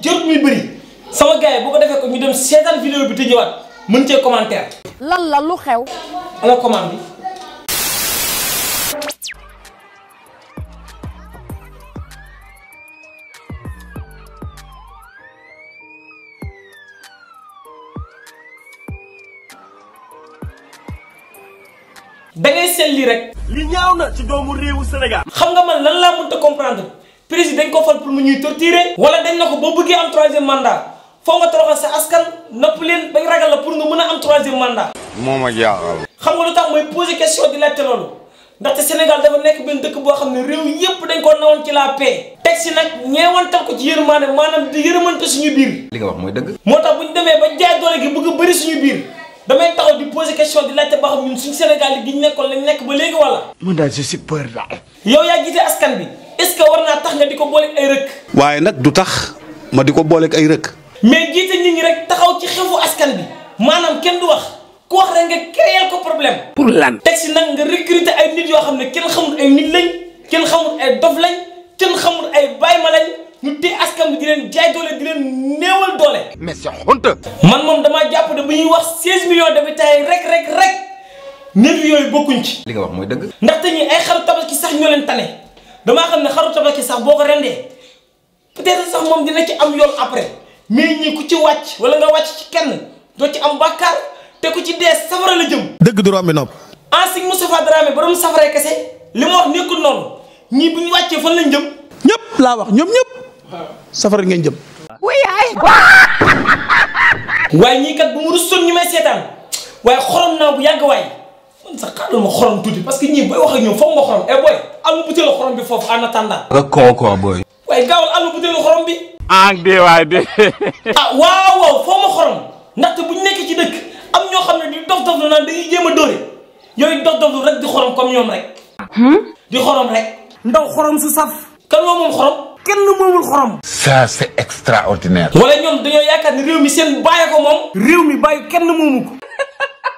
jot muy bëri sama gars bu ko defee ko ñu dem sétal vidéo bi te ñëwaat mën ci commentaire. lan la lu xew. ala commande bi. da ngay seetli rek. li ñaaw na ci doomu réewu Sénégal. xam nga man lan laa mënta comprendre président ko fal pour mu ñuy torturer wala dañ nako bo bëggé am 3e mandat fo nga toroxal sa askan nopp leen bañ ragal la pour nga mëna am 3e mandat moma jaaxal xam nga lutax moy poser question di laté lolu ndaxte sénégal dafa nekk benn dëkk bo xamné réew yépp dañ ko nawon ci la paix teg si nag ñeewantal ko ci yërmaane manam di yërmante suñu biir li nga wax moy dëgg motax tax démé ba jaay doole gi bëgg bëri suñu biir damay taxaw di poser question di laajte ba xam ñun suñu sénégal gi ñu nekkoon lañ nekk ba légui wala man daal je suis peur daal yow ya gité askan bi est-ce que war naa tax nga di ko booleeg ay rëkk. waaye nag du tax ma di ko booleeg ay rëkk. mais jiite ñi ñi rek taxaw ci xefu askan bi maanaam kenn du wax ku wax rek nga créer ko problème. pour lan. teg si nag nga recruter ay nit yoo xam ne kenn xamul ay nit kenn xamul ay dof xamul ay bàyyi ma lañ. ñu leen jaay doole di leen néewal doole. mais c'est honte. man moom damaa jàpp bu ñuy wax 16 millions d'habitants yi rek rek rek yooyu bokkuñ ci. li nga mooy dëgg. ndaxte ñi ay xaru tabaski sax ñoo leen tane. damaa xam ne xaru ci sax boo ko rendee peut sax moom dina ci am yoon après mais ñi ku ci wàcc wala nga wàcc ci kenn doo ci am bàkkaar te ku ci dee safara la jëm. dëgg du romb nopp. Ansiñ Moustapha Dramé borom safara kese li ma wax nekkul noonu ñii bu ñu wàccee fan lañ jëm. ñëpp laa wax ñoom ñëpp. safara ngeen jëm. waaye ñii kat bu mu ñu may seetaan waaye xorom naa bu yàgg waaye. man sax xaaral ma xorom tuuti parce que ñii booy boy alu butéelu xorom bi foofu en attendant. nga koo koo booy. waaye gaawal alu butéelu xorom bi. ah dee ah waaw waaw foog ma xorom ndaxte bu ñu nekk ci di dof dof lu naan dañuy jéem a dóore yooyu dof dof lu rek di hmm? di xorom rek. ndaw xorom su saf. kan moo moom xorom. kenn moomul xorom. ça c'est extraordinaire. wala ñoom dañoo yaakaar mi seen bàyyi ko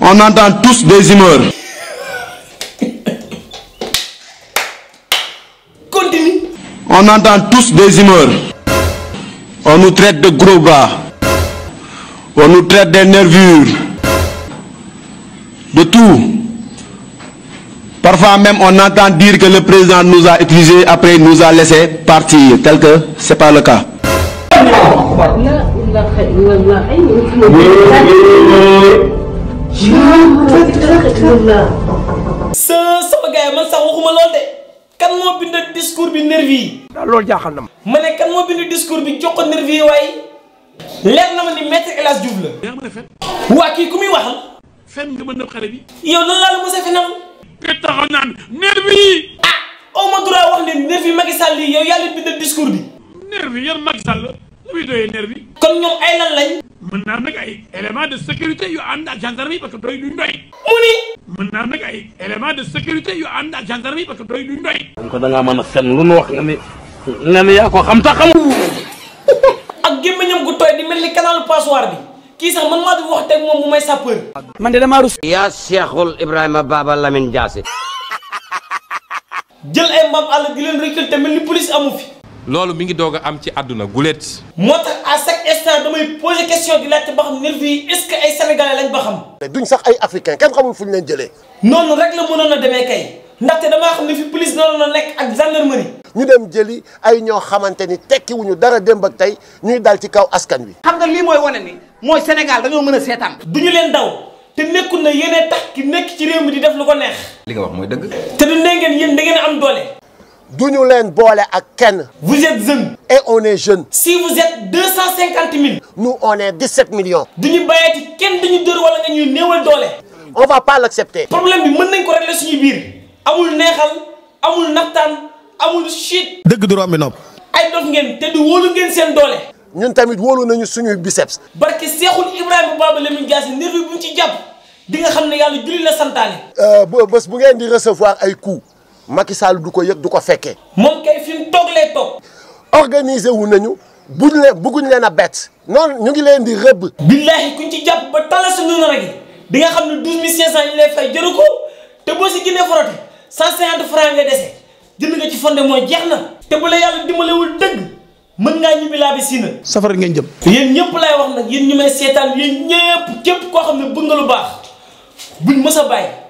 on entend tous des humeurs. Continue. On entend tous des humeurs. On nous traite de gros gars. On nous traite des nervures. De tout. Parfois même, on entend dire que le président nous a utilisé après il nous a laissé partir, tel que ce n'est pas le cas. sa sama gars yi man sax waxuma lool de kan moo bind discours bi nervi yi. daal loolu jaaxal na ma. ma ne kan moo bind discours bi jox ko nervi yi waaye leer na ma ni maître El Hadj Diouf la. waa kii ku muy waxal. fen nga mën na xale bi. yow lan laa la mos a fenal. nga taxaw naan nervi yi. ah aw ma droit wax ne nervi Macky Sall yi yow yaa leen bind discours bi. nervi yan i Sall la. lu muy doyee nervi kon ñoom ay lan lañ mën naa nag ay élément de sécurité yu ànd ak gendarmerie parce que doy duñ doy mu ni mën naa nag ay élément de sécurité yu ànd ak gendarmerie parce que doy duñ doy ko da ngaa mën a lu nu wax nga ni nga ni yaa ko xam ta xam ak gémmiñam gu tooy di mel ni canal passoire bi kii sax man maa di wax teg moom mu may sapeur man de damaa rus yaa seexul ibrahima baba lamine diassé jël ay mbaam àll di leen recruter mel police amu fi loolu mi ngi doog a am ci àdduna guléet. moo tax à chaque instant damay poser question di laajte ba xam nervi yi est-ce que ay sénégalais lañ ba xam. duñ sax ay africain kenn xamul fu ñu leen jëlee. noonu rek la mënoon a demee kay ndaxte damaa xam ne fi police noonu la nekk ak gendarmerie. ñu dem jëli ay ñoo xamante ni tekki dara démb ak tey ñuy dal ci kaw askan wi. xam nga lii mooy wane ni mooy Sénégal dañoo mën a seetaan. du ñu leen daw. te nekkul na yéenee tax ki nekk ci réew mi di def lu ko neex. li nga wax mooy dëgg. te du ne ngeen yéen da ngeen am doole. duñu vous êtes jeune. et on est jeune. si vous êtes 250 000, nous on est 17 millions. duñu ne kenn duñu dër wala nga ñuy on va pas l'accepter. problème bi mën nañ ko régler suñu biir. amul neexal amul Vous amul shit. dëgg du ay dof ngeen du ngeen tamit Vous avez biceps. que Seexul Ibrahima Baba Lamine Dias nervi bu ci di nga julli la santaane. l'accepter..! Euh, bu ngeen di recevoir ay coup. Macky Sall du ko yëg du ko fekkee. moom kay fi mu toog lay toog. organisé wu nañu buñ ne bugguñ leen a bett noonu ñu ngi leen di rëbb. billahi kuñ ci jàpp ba tala suñu nar a gi di nga xam ne 12500 ñu lay fay jëru ko te boo si ginnee frotté 150 francs nga dese jënd nga ci fondé mooy jeex na. te bu la yàlla dimbalewul dëgg mën ngaa ñibbi laa bi siina. safara ngeen jëm. yéen ñëpp laay wax nag yéen ñu may seetaan yéen ñëpp képp koo xam ne bëgg nga lu baax buñ mës a bàyyi.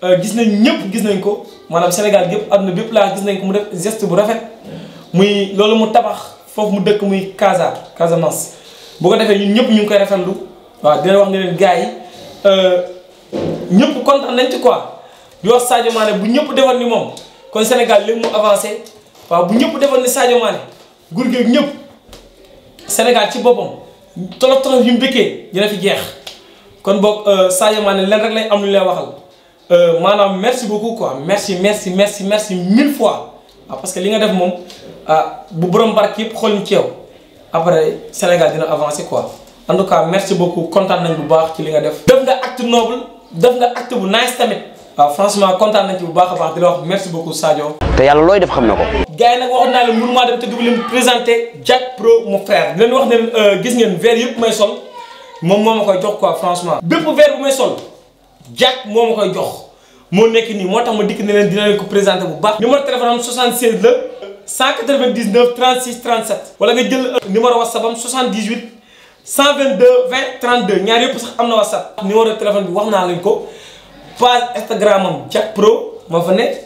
Euh, gis nañ ñëpp gis nañ ko maanaam Sénégal gépp àdduna bépp laa gis nañ ko mu def geste bu rafet muy loolu mu tabax foofu mu dëkk muy Casa Casamance bu ko defee ñun ñëpp ñu ngi koy rafetlu waaw dina wax nga leen gaa yi euh, ñëpp kontaan nañ ci quoi di wax Sadio bu ñëpp defoon ni moom kon Sénégal léegi mu avancé waaw bu ñëpp defoon ni Sadio Mané gurgeeg ñëpp Sénégal ci boppam tolof tolof yu mu dëkkee dina fi jeex kon boo euh, Sadio Mané leen rek lay am lu lay waxal. euh, maanaam merci beaucoup quoi merci merci merci merci mille fois ah, parce que li nga def moom ah, bu borom barke yëpp ci yow après Sénégal dina avancer quoi en tout cas merci beaucoup Content nañ bu baax ci li nga def. def nga acte noble def nga acte bu nice tamit. waaw ah, franchement content nañ ci bu baax a baax di wax merci beaucoup Sadio. te yàlla looy def xam na ko. gars yi nag waxoon naa leen mënumaa te dugg leen présenté Jack Pro mon frère di leen wax ne euh, gis ngeen verre yëpp may sol moom moo ma koy jox quoi franchement. bépp verre bu may sol. Jack moom ma koy jox moo nekk nii moo tax ma dikk ne leen dina leen ko présenté bu baax. numéro téléphone am 76 la 199 36 37 wala nga jël euh, numéro whatsapp am 78 122 20 32 ñaar yëpp sax am na whatsapp. numéro bi wax naa leen ko page Instagram am Jack Pro moo fa nekk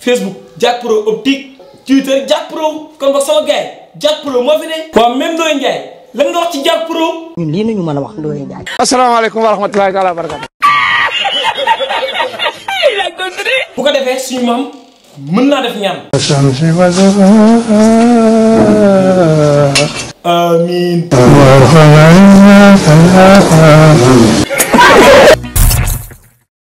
Facebook Jack Pro optique Twitter Jack Pro kon ba soo gars yi Jack Pro moo fi nekk. waaw même Ndoye Ndiaye lan nga wax ci Jack Pro. ñun lii nañu mën a wax Ndoye Ndiaye. asalaamaaleykum wa rahmatulahi taala wa barakatu. bu ko defee suñu maam mën naa def ñaan amiin